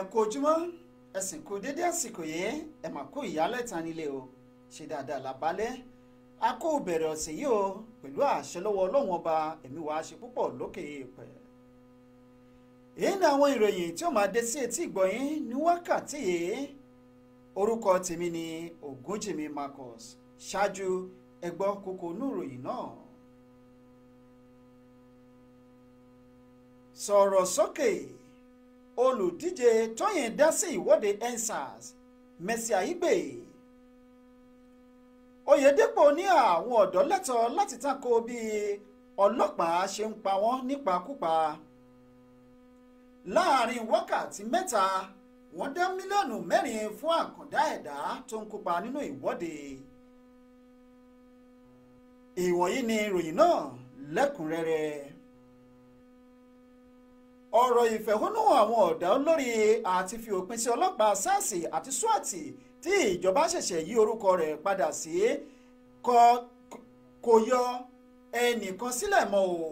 ẹ kú ojúmọ́ ẹ sì kú dédé àsìkò yìí ẹ mà kú ìyálẹ̀ta nílé o ṣe dáadáa làbálẹ̀ a kó bẹ̀rẹ̀ ọ̀sẹ̀ yìí o pẹ̀lú àṣẹ lọ́wọ́ ọlọ́run ọba èmi wàá ṣe púpọ̀ lókè èèpẹ̀. èyí ni àwọn ìròyìn tí ó máa dé sí etí ìgbọ̀yìn ní wákàtí yìí orúkọ tèmi ni Ògúnjìmí Marcus ṣáájú ẹ kókó inú náà. sọ̀rọ̀ sókè. So, olùdíje tóyìn dá sí ìwọ́de ensars Mercy Aigbe Oyèdépò ní àwọn ọ̀dọ́ lẹ́tọ̀ọ́ láti tako bí ọlọ́pàá ṣe ń pa wọ́n nípakúpa láàrin wákàtí mẹ́ta wọ́n dá mílíọ̀nù mẹ́rin fún àkàndá ẹ̀dá tó ń kópa nínú ìwọ́de ìwọ̀nyí ni ìròyìn náà lẹ́kùnrẹ́rẹ́ ọ̀rọ̀ ìfẹ̀hónúhàn àwọn ọ̀dọ́ lórí àti fi òpin sí ọlọ́pàá sars àti swat tí ìjọba ṣẹ̀ṣẹ̀ yí orúkọ rẹ̀ padà sí kò yọ ẹnìkan sílẹ̀ mọ́ o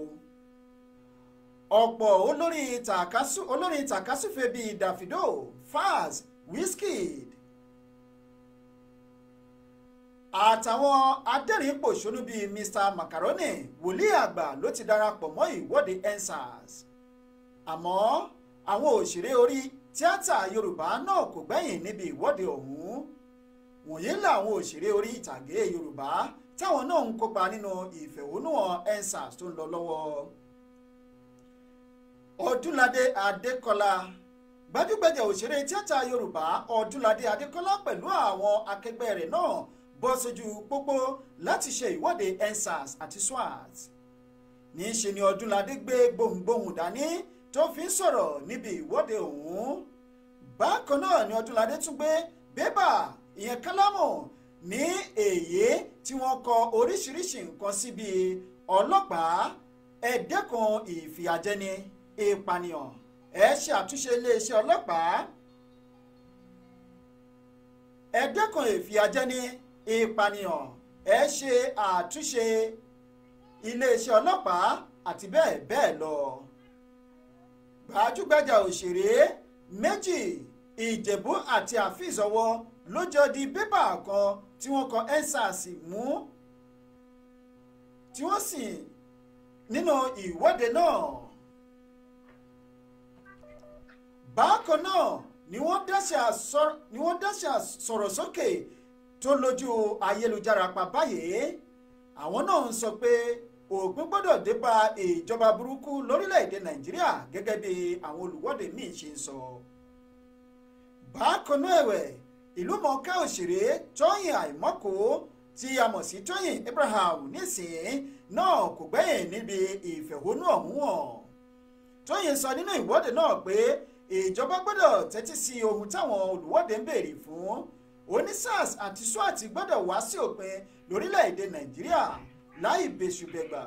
ọ̀pọ̀ olórin tàkásùfẹ́ bíi Davido Falz Wizkid àtàwọn adẹ́rìn-ín-pọ̀ṣónú bíi Mr Macaroni wòlíì àgbà ló ti darapọ̀ mọ́ ìwọ́de EndSARS àmọ́ àwọn òṣèré orí tíátà yorùbá náà kò gbẹ̀yìn níbi ìwọ́de ọ̀hún wọ̀nyí làwọn òṣèré orí ìtàgé yorùbá táwọn náà ń kópa nínú ìfẹ̀hónúhàn ensars tó ń lọ lọ́wọ́ ọdúnládé adékọlá gbajúgbajà òṣèré tíátà yorùbá ọdúnládé adékọlá pẹ̀lú àwọn akẹgbẹ́ rẹ̀ náà bọ́ sójú pópó láti ṣe ìwọ́de ensars àti swat níṣe ni ọdúnládé gbé gbohùngbohùn dání tó fi ń sọ̀rọ̀ níbi ìwọ́de ọ̀hún bákan náà ni Ọdúnládé tún gbé bébà ìyẹn kálámù ní èyí tí wọ́n kọ oríṣiríṣi nǹkan síbi ọlọ́pàá ẹ dẹ́kun ìfìyàjẹni ìpànìyàn ẹ ṣe àtúnṣe iléeṣẹ́ ọlọ́pàá ẹ dẹ́kun ìfìyàjẹni ìpànìyàn ẹ ṣe àtúnṣe iléeṣẹ́ ọlọ́pàá àti bẹ́ẹ̀ bẹ́ẹ̀ lọ gbajúgbajà òṣèré méjì ìjẹ̀bú àti àfìsọwọ́ ló jọ di bébà kan tí wọ́n kọ ensars mú tí wọ́n sì nínú ìwọ́de náà. bákan náà ni wọ́n dáṣà sọ̀rọ̀ sókè tó lójú ayélujára pa báyìí àwọn náà ń sọ pé òpin gbọ́dọ̀ dé bá ìjọba burúkú lórílẹ̀‐èdè nàìjíríà gẹ́gẹ́ bí àwọn olùwọ́de míì ṣe ń sọ. bákan náà ẹ̀wẹ̀ ìlú mọ̀ọ́ká òṣèré tóyìn àìmọ́kò tí a mọ̀ sí tóyìn abraham nísìnyí náà kò gbẹ̀yìn níbi ìfẹ̀hónú ọ̀hún hàn. tóyìn sọ nínú ìwọ́de náà pé ìjọba gbọ́dọ̀ tẹ́tí sí ohun táwọn olùwọ́de ń béèrè fún oní SARS àti SWAT gbọ́dọ̀ wá sí òpin lórílẹ̀‐èdè nàìjíríà láì bẹ̀ṣùbẹ̀gbà.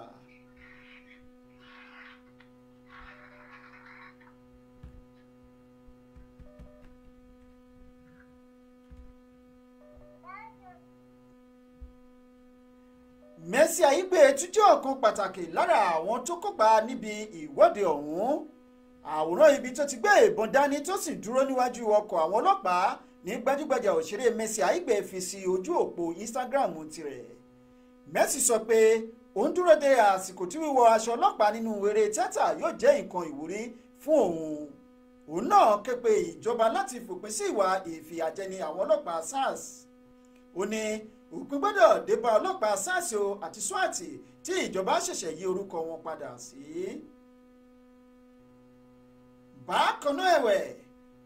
Mercy Aigbe tún jẹ́ ọ̀kan pàtàkì lára àwọn tó kópa níbi ìwọ́de ọ̀hún àwòrán ibi tó ti gbé ìbọn dání tó sì dúró níwájú ọkọ̀ àwọn ọlọ́pàá ní gbajúgbajà òṣèré Mercy Aigbe fi sí ojú òpó Instagram tirẹ̀. Mercy sọ pé òun dúró de àsìkò tí wíwọ aṣọ ọlọ́pàá nínú eré tíátà yóò jẹ́ nǹkan ìwúrí fún òun òun náà ké pe ìjọba láti fòpin sí ìwà ìfìyàjẹni àwọn ọlọ́pàá SARS ó ní òpin gbọ́dọ̀ débá ọlọ́pàá SARS o àti SWAT tí ìjọba ṣẹ̀ṣẹ̀ yí orúkọ wọn padà sí. bákan náà ẹ̀wẹ̀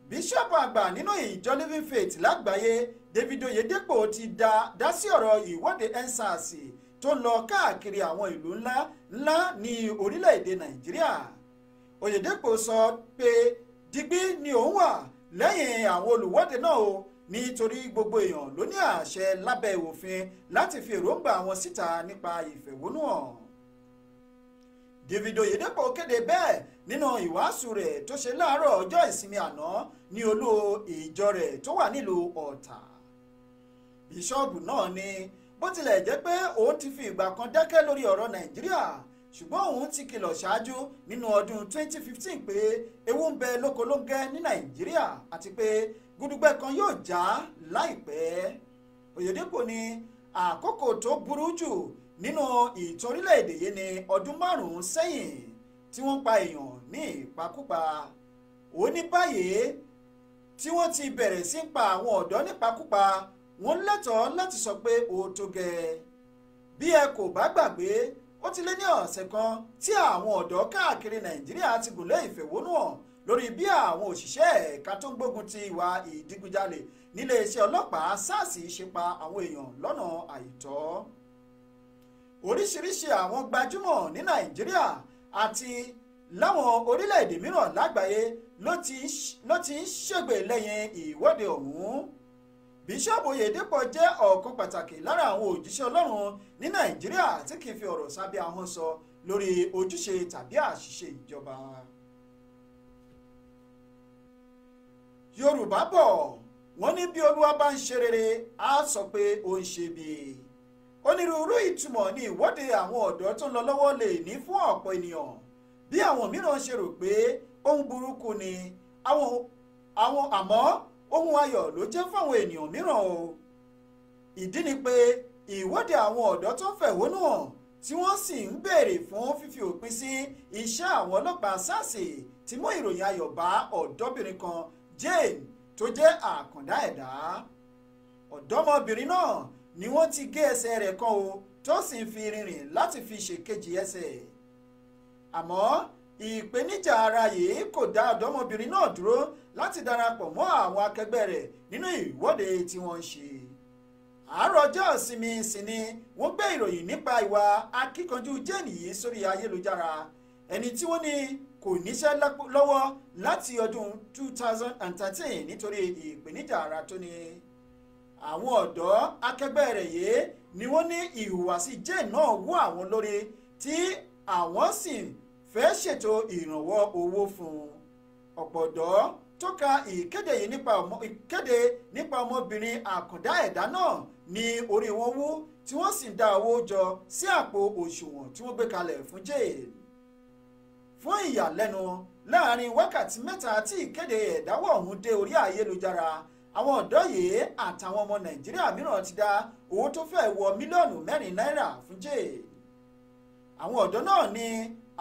bíṣọ̀pù àgbà nínú ìjọ Living Faith lágbàáyé David Oyedepo ti da dá sí ọ̀rọ̀ ìwọ́de EndSARS tó lọ káàkiri àwọn ìlú ńlá ńlá ní orílẹ̀-èdè Nàìjíríà Oyedepo sọ pé digbí ni òun wà lẹ́yìn àwọn olùwọ́de náà o nítorí gbogbo èèyàn ló ní àṣẹ lábẹ́ òfin láti fi èròǹgbà wọn síta nípa ìfẹ̀hónúhàn David Oyedepo kéde bẹ́ẹ̀ nínú ìwàásù rẹ̀ tó ṣe láàárọ̀ ọjọ́ ìsinmi àná ní olú ìjọ rẹ̀ tó wà nílùú Ọ̀tà bíṣọ́ọ̀bù náà ni bó tilẹ̀ jẹ́ pé òun ti fi ìgbà kan dákẹ́ lórí ọ̀rọ̀ nàìjíríà ṣùgbọ́n òun ti kìlọ̀ ṣáájú nínú ọdún 2015 pé ewu ń bẹ lóko ló ń gẹ́ ní nàìjíríà àti pé gudugbẹ kan yóò já láìpẹ́ òyèdèpọ̀ ni àkókò tó burú jù nínú ìtàn orílẹ̀-èdè yìí ní ọdún márùn-ún sẹ́yìn tí wọ́n pa èèyàn ní ìpakúpa ó ní báyìí tí wọ́n ti bẹ̀rẹ̀ sí pa àwọn ọ̀dọ́ nípakúpa wọ́n lẹ́tọ̀ọ́ láti sọ pé ó tó gẹ́ bí ẹ kò bá gbàgbé ó ti lé ní ọ̀sẹ̀ kan tí àwọn ọ̀dọ́ káàkiri nàìjíríà ti gùnlé ìfẹ̀hónú hàn lórí bí àwọn òṣìṣẹ́ ẹ̀ka tó ń gbógun ti ìwà ìdígunjalè níléeṣẹ́ ọlọ́pàá sars ṣe pa àwọn èèyàn lọ́nà àìtọ́ oríṣiríṣi àwọn gbajúmọ̀ ní nàìjíríà àti láwọn orílẹ̀-èdè mìíràn lágbàáyé ló ti ń ṣègbè lẹ́yìn ìwọ́de ọ̀hún bíṣọ́ọ̀bù oyèdèpọ̀ jẹ́ ọ̀kan pàtàkì lára àwọn òjíṣẹ́ ọlọ́run ní nàìjíríà tí kì í fi ọ̀rọ̀ sábẹ́ ahọ́n sọ lórí ojúṣe tàbí àṣìṣe ìjọba. yorùbá bọ̀ wọ́n ní bí olúwa bá ń ṣe rere á sọ pé ó ń ṣe bí onírúurú ìtumọ̀ ni ìwọ́de àwọn ọ̀dọ́ tó ń lọ lọ́wọ́ lè ní fún ọ̀pọ̀ ènìyàn bí àwọn mìíràn ṣe rò pé ohun burúkú ni àwọn àmọ́ ohun ayọ̀ ló jẹ́ fáwọn ènìyàn mìíràn o ìdí ni pé ìwọ́de àwọn ọ̀dọ́ tó fẹ̀hónú hàn tí wọ́n sì ń béèrè fún fífi òpin sí iṣẹ́ àwọn ọlọ́pàá sars ti mú ìròyìn ayọ̀ bá ọ̀dọ́bìnrin kan Jane tó jẹ́ àkàndá ẹ̀dá ọ̀dọ́mọbìnrin náà ni wọ́n ti gé ẹsẹ̀ rẹ̀ kan o tó sì ń fi rìnrìn láti fi ṣèkejì ẹsẹ̀ àmọ́ ìpèníjà ara yìí kò dá ọ̀dọ́mọbìnrin náà dúró láti darapọ̀ mọ́ àwọn akẹgbẹ́ rẹ̀ nínú ìwọ́de tí wọ́n ń ṣe àárọ̀ ọjọ́ ìsinmi ìsinmi wọ́n gbé ìròyìn nípa ìwà akíkanjú jane yìí sórí ayélujára ẹni tí wọ́n ní kò níṣẹ́ lọ́wọ́ láti ọdún 2013 nítorí ìpèníjà ara tó ní àwọn ọ̀dọ́ akẹgbẹ́ rẹ̀ yìí ni wọ́n ní ìhùwàsí jane náà wú àwọn lórí tí àwọn sì fẹ́ ṣètò ìrànwọ́ owó fún un ọ̀pọ̀dọ́ tó ka ìkéde yìí nípa ìkéde nípa ọmọbìnrin àkàndá ẹ̀dá náà ní orí wọn wú tí wọ́n sì ń dá owó jọ sí àpò òṣùwọ̀n tí wọ́n gbé kalẹ̀ fún jane fún ìyàlẹ́nu láàrin wákàtí mẹ́ta tí ìkéde ẹ̀dáwọ̀ ọ̀hún dé orí ayélujára àwọn ọ̀dọ́ yìí àtàwọn ọmọ nàìjíríà mìíràn ti dá owó tó fẹ́ wọ mílíọ̀nù mẹ́rin náírà fún jane àwọn ọ̀dọ́ náà ní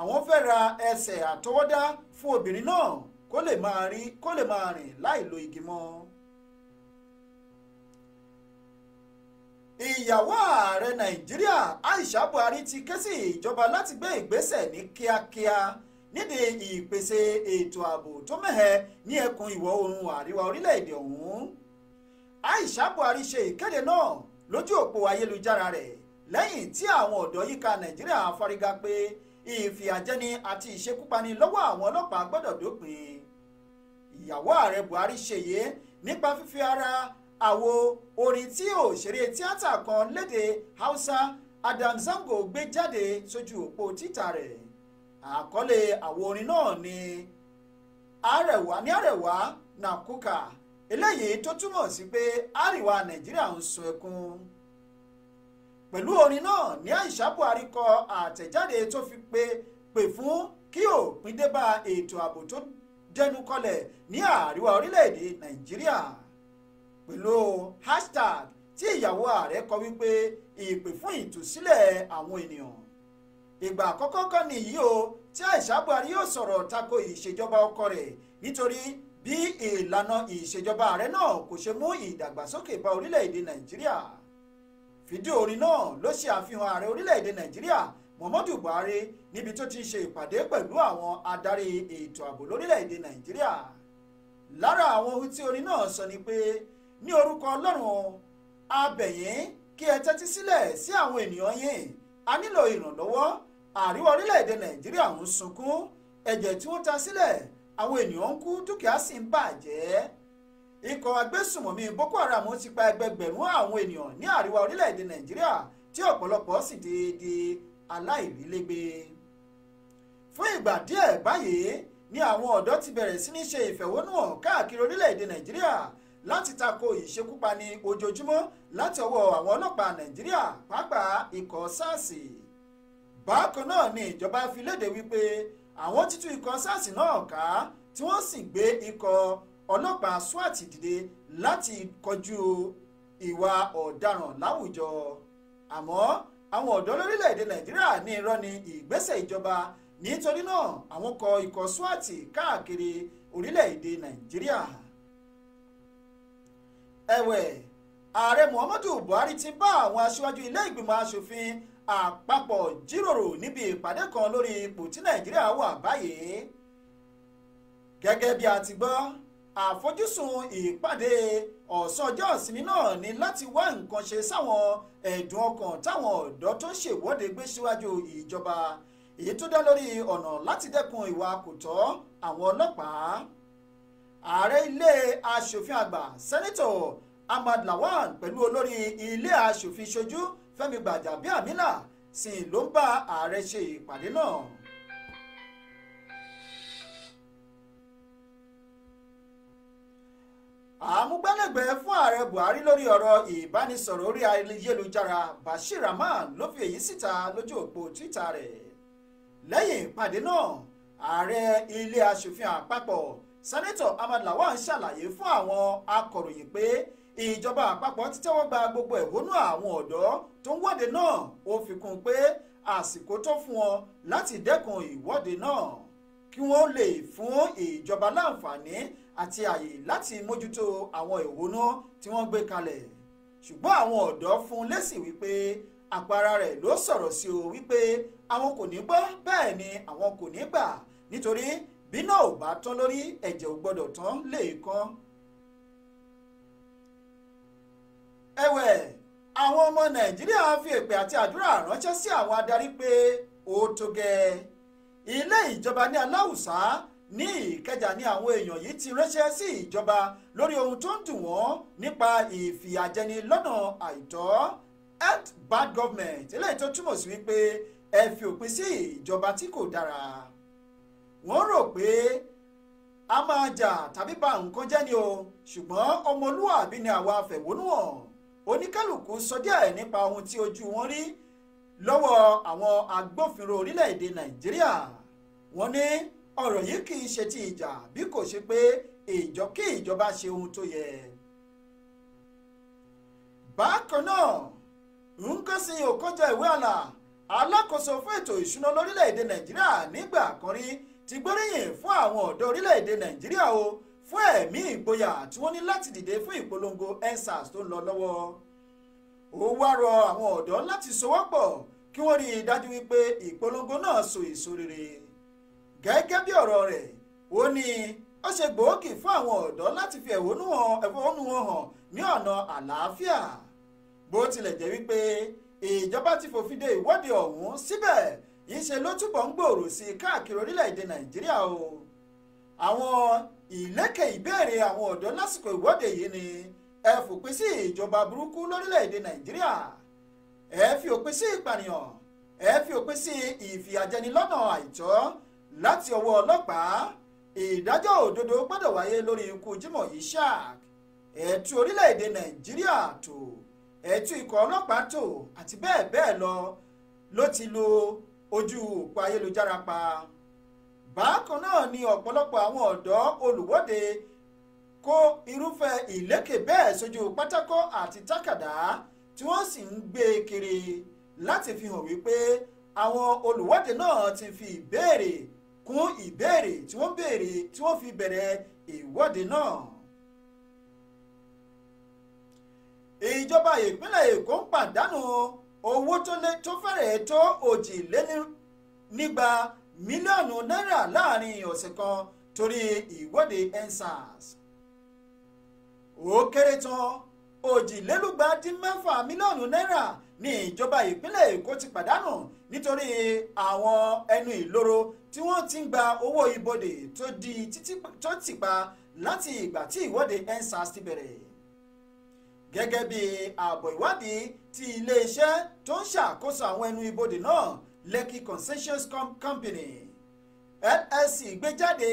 àwọn fẹ́ ra ẹsẹ̀ àtọwọ́dá fún obìnrin náà kó lè máa rí kó lè máa rìn láì lo igi mọ́. ìyàwó ààrẹ nàìjíríà aisha buhari ti ké sí ìjọba láti gbé ìgbésẹ̀ ní kíákíá nídìí ìpèsè ètò ààbò tó mẹ́hẹ ní ẹkùn ìwọ̀ oòrùn àríwá orílẹ̀-èdè ọ̀hún aisha buhari ṣe ìkéde náà lójú òpó ayélujára rẹ̀ lẹ́yìn tí àwọn ọ̀dọ́ yíká nàìjíríà fárígá pé ìfìyàjẹni àti ìṣekúpani lọ́wọ́ àwọn ọlọ́pàá gbọ́dọ̀ dópin ìyàwó ààrẹ Buhari ṣèyí nípa fífi ara àwo orin tí òṣèré tíátà kan lédè Hausa Adam Zango gbé jáde sójú òpó títà rẹ̀ àkọlé àwo orin náà ni àrẹ̀wá ní àrẹ̀wá nàkúkà eléyìí tó túmọ̀ sí pé àríwá Nàìjíríà ń sun ẹkún pẹ̀lú orin náà ní Àìṣà Buhari kọ àtẹ̀jáde tó fi pe pè fún kí òpin dé bá ètò ààbò tó dẹnu kọlẹ̀ ní àríwá orílẹ̀-èdè Nàìjíríà pẹ̀lú hashtag tí ìyàwó ààrẹ kọ wípé ìpè fún ìtúsílẹ̀ àwọn ènìyàn ìgbà àkọ́kọ́ kan nìyí o tí Àìṣà Buhari yóò sọ̀rọ̀ tako ìṣèjọba ọkọ rẹ̀ nítorí bí ìlànà ìṣèjọba ààrẹ náà kò ṣe mú ìdàgbàsókè bá orílẹ̀-èdè Nàìjíríà fídíò orin náà ló ṣe àfihàn ààrẹ orílẹ̀-èdè nàìjíríà muhammadu buhari níbi tó ti ṣe ìpàdé pẹ̀lú àwọn adarí ètò ààbò lórílẹ̀-èdè nàìjíríà lára àwọn ohun tí orin náà sọ ni pé ní orúkọ ọlọ́run a bẹ̀ yín kí ẹ tẹ́tí sílẹ̀ sí àwọn ènìyàn yín a nílò ìrànlọ́wọ́ àríwá orílẹ̀-èdè nàìjíríà ń sunkún ẹ̀jẹ̀ tí wọ́n ta sílẹ̀ àwọn ènìyàn ń kú dúkìá sì ń bàjẹ́ ikọ̀ agbésùmọ̀mí Boko Haram ti pa ẹgbẹgbẹ̀rún àwọn ènìyàn ní àríwá orílẹ̀-èdè Nàìjíríà tí ọ̀pọ̀lọpọ̀ sì ti di aláìrílégbé fún ìgbà díẹ̀ báyìí ni àwọn ọ̀dọ́ ti bẹ̀rẹ̀ sí ní ṣe ìfẹ̀hónúhàn káàkiri orílẹ̀-èdè Nàìjíríà láti tako ìṣekúpani ojoojúmọ́ láti ọwọ́ àwọn ọlọ́pàá Nàìjíríà pàápàá ikọ̀ SARS bákan náà ni ìjọba fi léde wípé àwọn ti tú ikọ̀ SARS náà ká tí wọ́n sì gbé ikọ̀ ọlọ́pàá SWAT dìde láti kọjú ìwà ọ̀daràn láwùjọ àmọ́ àwọn ọ̀dọ́ lórílẹ̀‐èdè nàìjíríà ní irọ́ ni ìgbésẹ̀ ìjọba nítorí náà àwọn kọ ikọ̀ SWAT káàkiri orílẹ̀‐èdè nàìjíríà ẹ̀wẹ̀ ààrẹ muhammadu buhari ti bá àwọn aṣíwájú ilé ìgbìmọ̀ asòfin àpapọ̀ jíròrò níbi ìpàdé kan lórí ipò tí nàìjíríà wà báyìí gẹ́gẹ́ bí a ti gbọ́ àfojúsùn ìpàdé ọ̀sọ́jọ́ ìsinmi náà ni láti wá nǹkan ṣe sáwọn ẹ̀dùn ọkàn táwọn ọ̀dọ́ tó ń ṣèwọ́de gbé síwájú ìjọba èyí tó dá lórí ọ̀nà láti dẹ́kun ìwà kòtọ́ àwọn ọlọ́pàá ààrẹ ilé aṣòfin àgbà sẹ́nitọ̀ Ahmad Lawan pẹ̀lú olórí ilé aṣòfin ṣojú Fẹ́mi Gbàjàbíàmílà sì ló ń bá ààrẹ ṣe ìpàdé náà. buhari lórí ọ̀rọ̀ ìbánisọ̀rọ̀ orí ayélujára bashir rahman ló fi èyí síta lójú òpó twitter rẹ̀ lẹ́yìn ìpàdé náà ààrẹ ilé asòfin àpapọ̀ sẹ́nẹ́tọ̀ ahmad lawan ṣàlàyé fún àwọn akọ̀ròyìn pé ìjọba àpapọ̀ ti tẹ́wọ́ gba gbogbo ẹ̀hónú àwọn ọ̀dọ́ tó ń wọ́de náà ó fi kún un pé àsìkò tó fún wọn láti dẹ́kun ìwọ́de náà kí wọ́n lè fún ìjọba láǹfààní àti àyè láti mójútó àwọn ìwóná tí wọ́n gbé kalẹ̀ ṣùgbọ́n àwọn ọ̀dọ́ fún lésì wípé àpárá rẹ̀ ló sọ̀rọ̀ sí o wípé àwọn kò ní gbọ́ bẹ́ẹ̀ ni àwọn kò ní gbà nítorí bí náà ò bá tán lórí ẹ̀jẹ̀ ò gbọ́dọ̀ tán lẹ́ẹ̀kan. ẹ̀wẹ̀ àwọn ọmọ nàìjíríà fi èpè àti àdúrà ránṣẹ́ sí àwọn adarí pé ó tó gẹ́ ilé ìjọba ní aláwùsá ní ìkẹjà ni àwọn èèyàn yìí ti ránṣẹ́ sí ìjọba lórí ohun tó ń dùn wọ́n nípa ìfìyàjẹni lọ́nà àìtọ́ end bad government eléyìí tó túmọ̀ sí wípé ẹ fi òpin sí ìjọba tí kò dára wọ́n rò pé a máa jà tàbí ba nǹkan jẹ́ ni o ṣùgbọ́n ọmọlúwàbí ni àwa afẹ̀wónúhàn oníkálukú sọ díẹ̀ nípa ohun tí ojú wọn rí lọ́wọ́ àwọn agbófinró orílẹ̀-èdè nàìjíríà wọ́n ní ọ̀rọ̀ yìí kì í ṣe ti ìjà bí kò ṣe pé ìjọ kí ìjọba ṣe ohun tó yẹ. bákan náà Nkesin Okonjo Iweala alákòóso fún ètò ìṣúná lórílẹ̀‐èdè nàìjíríà nígbà kan ti gbóríyìn fún àwọn ọ̀dọ́ orílẹ̀‐èdè nàìjíríà o fún ẹ̀mí ìgboyà tí wọ́n ní láti dìde fún ìpolongo endsars tó ń lọ lọ́wọ́ ó wá rọ àwọn ọ̀dọ́ láti sowọ́pọ̀ kí wọ́n rí i dájú wípé ìpolongo náà so èso rere. gẹ́gẹ́ bí ọ̀rọ̀ rẹ̀ ó ní ó ṣe gbòógì fún àwọn ọ̀dọ́ láti fi ẹ̀hónú ẹ̀hónú hàn ní ọ̀nà àlàáfíà bó tilẹ̀ jẹ́ wípé ìjọba ti fòfin de ìwọ́de ọ̀hún síbẹ̀ ṣe ló túbọ̀ ń gbòòrò sí i káàkiri orílẹ̀-èdè nàìjíríà o àwọn ìlẹ́kẹ̀ ìbéèrè àwọn ọ̀dọ́ lásìkò ìwọ́de yìí ni ẹ fòpin sí ìjọba burúkú lórílẹ̀-èdè nàìjíríà ẹ fi òpin sí ìpànìyàn ẹ fi òpin sí ìfìyàjẹni àìtọ́ láti ọwọ́ ọlọ́pàá ìdájọ́ òdodo gbọ́dọ̀ wáyé lórí ikú Jimoh Ishaq ẹ̀tú orílẹ̀-èdè Nàìjíríà tó ẹ̀tú ikọ̀ ọlọ́pàá tó àti bẹ́ẹ̀ bẹ́ẹ̀ lọ ló ti lo ojú òpó ayélujára pa bákan náà ni ọ̀pọ̀lọpọ̀ àwọn ọ̀dọ́ olùwọ́de kó irúfẹ́ ìlékè bẹ́ẹ̀ sójú pátákó àti tákàdá tí wọ́n sì ń gbé kiri láti fi hàn wípé àwọn olùwọ́de náà ti fi ìbéèrè kún ìbéèrè tí wọ́n béèrè tí wọ́n fi bẹ̀rẹ̀ ìwọ́de náà. ìjọba ìpínlẹ̀ èkó ń pàdánù owó tó lé tó fẹ́rẹ̀ tó òjìlénígba mílíọ̀nù náírà láàrin ọ̀sẹ̀ kan torí ìwọ́de ensars. ó kéré tán òjìlélúgba dín mẹ́fà mílíọ̀nù náírà ní ìjọba ìpínlẹ̀ èkó ti pàdánù nítorí àwọn ẹnu ìloro tí wọ́n ti ń gba owó ibodè tó di tó ti pa láti ìgbà tí ìwọ́de endsars ti bẹ̀rẹ̀ gẹ́gẹ́ bí ààbọ̀ ìwádìí ti iléeṣẹ́ tó ń ṣàkóso àwọn ẹnu ibodè náà Lekki Concessions Company LSC gbé jáde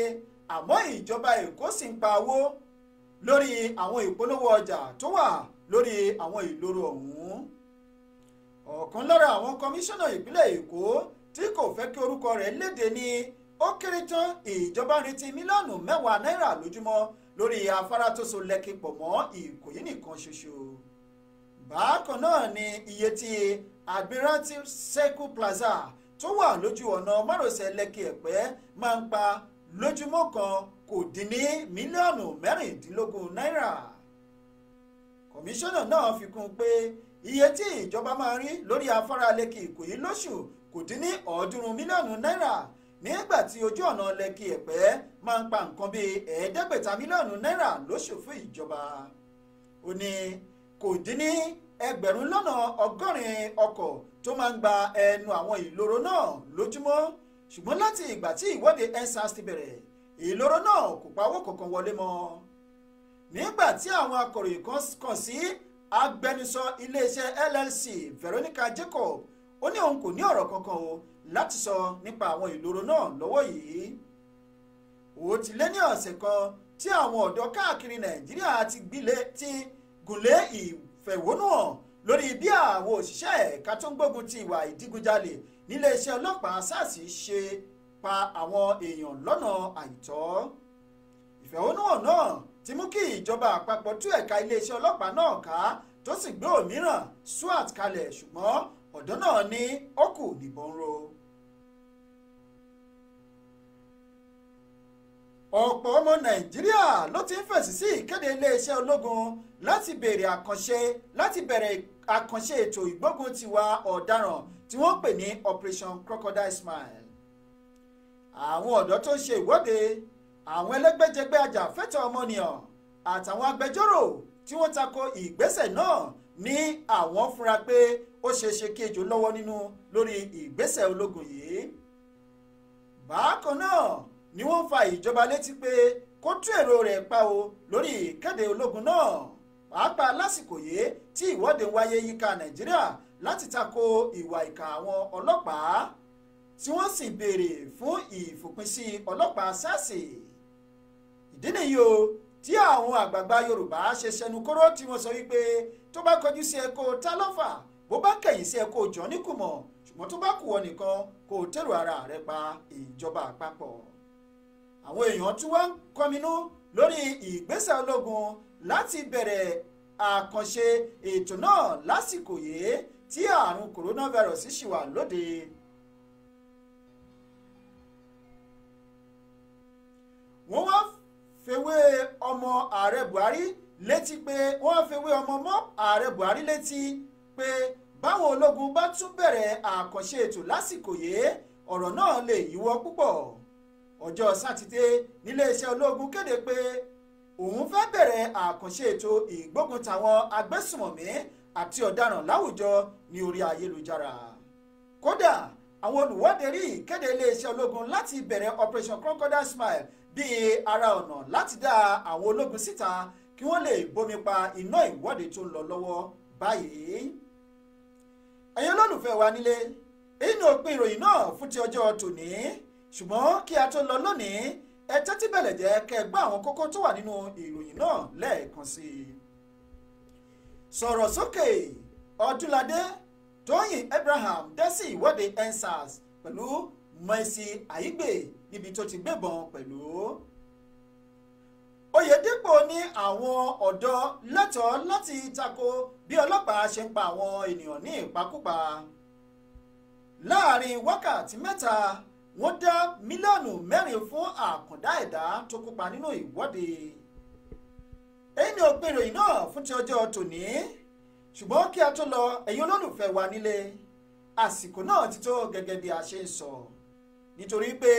àmọ́ ìjọba Èkó sì ń pa owó lórí àwọn ìpolówó ọjà tó wà lórí àwọn ìloro ọ̀hún ọ̀kan lára àwọn kọmíṣánná ìpínlẹ̀ Èkó tí kò fẹ́ kí orúkọ rẹ̀ léde ní ó kéré tán ìjọba ń retí mílíọ̀nù mẹ́wàá náírà lójúmọ́ lórí afárá tó so lẹ́kì pọ̀ mọ́ ìkòyí nìkan ṣoṣo bákan náà ni iye tí Admiralty Circle Plaza tó wà lójú ọ̀nà márosẹ̀ lẹ́kì ẹ̀pẹ́ máa ń pa lójúmọ́ kan kò dín ní mílíọ̀nù mẹ́rìndínlógún náírà kọmíṣánná náà fi kún un pé iye tí ìjọba máa rí lórí afárá lẹ́kì ìkòyí lóṣù kò dín ní ọ̀ọ́dúnrún mílíọ̀nù náírà nígbà tí ojú ọ̀nà lẹ́kì ẹ̀pẹ́ máa ń pa nǹkan bíi ẹ̀ẹ́dẹ́gbẹ̀ta mílíọ̀nù náírà lóṣù fún ìjọba ó ní kò dín ní ẹgbẹ̀rún lọ́nà ọgọ́rin ọkọ̀ tó máa ń gba ẹnu àwọn ìloro náà lójúmọ́ ṣùgbọ́n láti ìgbà tí ìwọ́de ensars ti bẹ̀rẹ̀ ìloro náà kò pawó kankan wọlé mọ́ nígbà tí àwọn akọ̀ròyìn kan kàn sí agbẹnusọ iléeṣẹ́ LLC Veronica Jacob ó ní òun kò ní ọ̀rọ̀ kankan o láti sọ nípa àwọn ìloro náà lọ́wọ́ yìí ó ti lé ní ọ̀sẹ̀ kan tí àwọn ọ̀dọ́ káàkiri nàìjíríà ti gbilé ti gùnlé ìfẹ̀hónúhàn lórí bí àwọn òṣìṣẹ́ ẹ̀ka tó ń gbógun ti ìwà ìdígunjalè níléeṣẹ́ ọlọ́pàá sars ṣe pa àwọn èèyàn lọ́nà àìtọ́ ìfẹ̀hónúhàn náà ti mú kí ìjọba àpapọ̀ tú ẹ̀ka iléeṣẹ́ ọlọ́pàá náà ká tó sì gbé òmíràn swat kalẹ̀ ṣùgbọ́n ọ̀dọ́ náà ní ó kù níbọn ro. ọ̀pọ̀ ọmọ nàìjíríà ló ti ń fèsì sí ìkéde iléeṣẹ́ ológun láti bẹ̀rẹ̀ àkànṣe láti bẹ̀rẹ̀ àkànṣe ètò ìgbógun tiwa ọ̀daràn tí wọ́n pè ní Operation Crocodile Smile. àwọn ọ̀dọ́ tó ń ṣe ìwọ́de àwọn ẹlẹ́gbẹ́jẹgbẹ́ ajàfẹ́tọ̀ọ́ ọmọnìyàn àtàwọn agbẹjọ́rò tí wọ́n tako ìgbésẹ̀ náà ní àwọn fúnra pé ó ṣeé ṣe kí ejò lọ́wọ́ nínú lórí ìgbésẹ̀ ológun yìí bákan náà ni wọ́n fa ìjọba létí pé kó tú èrò rẹ̀ pa o lórí ìkéde ológun náà pàápàá lásìkò yìí tí ìwọ́de wáyé yíká nàìjíríà láti tako ìwà ìkà àwọn ọlọ́pàá tí wọ́n sì béèrè fún ìfòpinsí ọlọ́pàá sars ìdí nìyí o tí àwọn àgbààgbà yorùbá ṣe ṣẹnukóró tí wọ́n sọ wípé tó bá kọjú sí ẹ kó o ta lọ́fà bó bá kẹ̀yìn sí ẹ kó o jọ níkùmọ̀ ṣùgbọ́n tó bá kù ọ nìkan kó o ara rẹ pa ìjọba àpapọ̀ àwọn èèyàn tí wọ́n ń kọminú lórí ìgbésẹ̀ ológun láti bẹ̀rẹ̀ àkànṣe ètò náà lásìkò yìí tí àrùn coronavirus ṣì wà lóde. wọ́n wá fèwé ọmọ ààrẹ Buhari létí pé wọ́n fi wé ọmọ mọ́ ààrẹ Buhari létí pé báwọn ológun bá tún bẹ̀rẹ̀ àkànṣe ètò lásìkò yìí ọ̀rọ̀ náà lè yíwọ́ púpọ̀ ọjọ́ sátidé níléeṣẹ́ ológun kéde pé òun fẹ́ bẹ̀rẹ̀ àkànṣe ètò ìgbógun tàwọn agbésùmọ̀mí àti ọ̀daràn láwùjọ ní orí ayélujára kódà àwọn olùwọ́de rí ìkéde iléeṣẹ́ ológun láti bẹ̀rẹ̀ operation crocodile smile bíi ara ọ̀nà láti dá àwọn ológun síta kí wọ́n lè bomi pa iná ìwọ́de tó ń lọ lọ́wọ́ báyìí. ẹ̀yin olólùfẹ́ wa nílé èyí ni òpin ìròyìn náà fún ti ọjọ́ tòní ṣùgbọ́n kí a tó lọ lónìí ẹ tẹ́tí bẹ̀lẹ̀ jẹ́ kẹ́ ẹ gbọ́ àwọn kókó tó wà nínú ìròyìn náà lẹ́ẹ̀kan sí i. sọ̀rọ̀ sókè ọdúnladé tóyìn abraham dá sí ìwọ́de endsars pẹ̀lú Mercy Aigbe níbi tó ti gbébọn pẹ̀lú. Oyèdépò ní àwọn ọ̀dọ́ lẹ́tọ̀ọ́ láti tako bí ọlọ́pàá ṣe ń pa àwọn ènìyàn ní ìpakúpa láàrin wákàtí mẹ́ta wọ́n dá mílíọ̀nù mẹ́rin fún àkàndá ẹ̀dá tó kópa nínú ìwọ́de èyí ni òpin ìròyìn náà fún ti ọjọ́ tòní ṣùgbọ́n kí a tó lọ ẹ̀yin olólùfẹ́ wa nílé àsìkò náà ti tó gẹ́gẹ́ bí a ṣe ń sọ nítorí pé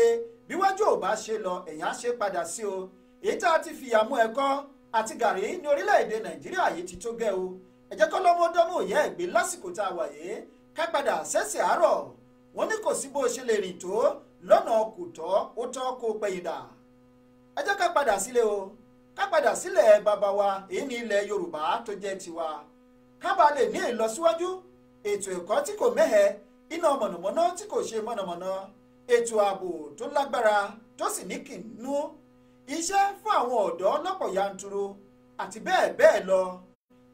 bíwájú ò bá ṣe lọ ẹ̀yà ṣe padà sí o èyí tá a ti fìyà mú ẹ̀kọ́ àti gàrí ní orílẹ̀-èdè nàìjíríà yìí ti tó gẹ́ o ẹ jẹ́ kọ́lọ́mọdọ́mọ òye ẹ̀gbẹ́ lásìkò tá a wà yìí ká padà sẹ́sẹ̀ àárọ̀ wọ́n ní kò sí bó ṣe lè rìn tó lọ́nà kò tọ́ ó tọ́ kó pẹ̀yìndà ẹ jẹ́ ká padà sílé o ká padà sílẹ̀ bàbá wa èyí ní ilẹ̀ yorùbá tó jẹ́ tiwa ká bàa lè ní ìlọsíwájú ètò ẹ̀kọ́ tí kò mẹ́hẹ iná mọ̀nàmọ́ná tí kò ṣe mọ̀nàmọ́ná ètò ààbò tó lágbára tó sì ní kìnnú iṣẹ́ fún àwọn ọ̀dọ́ lọ́pọ̀ yanturu àti bẹ́ẹ̀ bẹ́ẹ̀ lọ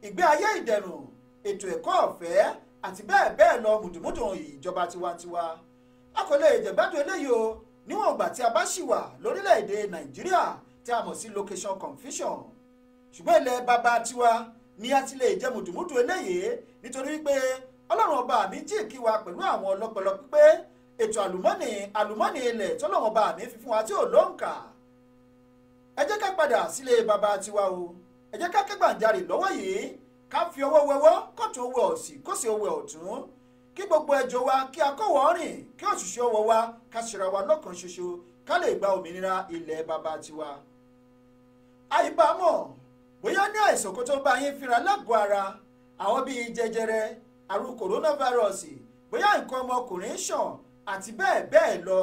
ìgbé ayé ìdẹ̀rùn ètò ẹ̀kọ́ ọ̀fẹ́ àti bẹ́ẹ̀ bẹ́ẹ̀ lọ mùdùmúdùn ìjọba tiwantiwa a kò lè jẹ̀gbádùn eléyìí o níwọ̀n ìgbà tí a bá ṣì wà lórílẹ̀‐èdè nàìjíríà tí a mọ̀ sí location confusion ṣùgbọ́n ilẹ̀ bàbá tiwa ni a ti lè jẹ mùdùmúdùn eléyìí nítorí pé ọlọ́run ọba mi jí kí wa pẹ̀lú àwọn ọlọ́pọlọ pípé ètò àlùmọ́nì àlùmọ́nì ilẹ̀ tọ́lọ́run ọba mi fi fún wa tí ò lóǹkà ẹ jẹ́ ká padà sílé bàbá tiwa o ẹ jẹ́ ká kẹ́gbàǹjarè lọ́wọ́ yìí ká fi ọwọ́ wẹwọ́ kóòtù owó òsì kóòsì owó ọ̀tún kí gbogbo ẹjọ́ wa kí akọ́wọ́ rìn kí òṣìṣẹ́ ọwọ́ wa ká ṣera wa lọ́kàn ṣoṣo ká lè gba òmìnira ilẹ̀ bàbá tiwa. àìbámọ̀ bóyá ní àìsàn kó tó bá yín fínra lágọ̀ọ́ ara àwọn bíi jẹjẹrẹ àrùn kòrónàfàírọ́ọ̀sì bóyá nǹkan ọmọkùnrin ṣàn àti bẹ́ẹ̀ bẹ́ẹ̀ lọ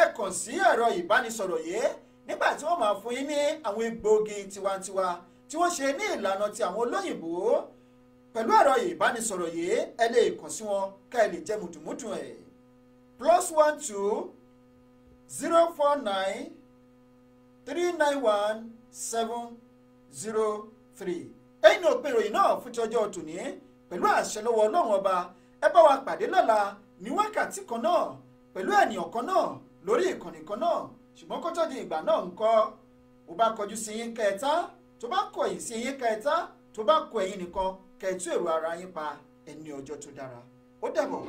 ẹ kàn sí ẹ̀rọ ìbánisọ̀rọ̀ yìí nígbà tí wọ́n máa fún yín ní àwọn egbòogi tiwantiwa tí wọ́n ṣe ní ìlànà ti àwọn olóyìnbó pẹ̀lú ẹ̀rọ ìbánisọ̀rọ̀ yìí ẹ lè kàn sí wọn ká ẹ lè jẹ mùdùmùdù ẹ̀ plus one two zero four nine three nine one seven zero three ẹ̀yin ò pé ìròyìn náà fún ti ọjọ́ tòní pẹ̀lú àṣẹ lọ́wọ́ ọlọ́run ọba ẹ bá wa pàdé lọ́la ní wákàtí kan náà pẹ̀lú ènìyàn kan náà lórí ìkànnì kan náà ṣùgbọ́n kó tó di ìgbà náà ńkọ́ bó bá kọjú sí yín kẹta tó bá kọ yín sí yín kẹta tó bá kọ ẹ̀yin nìkan kẹ̀tú èrò ara yín pa ẹni ọjọ́ tó dára ó dàbọ̀.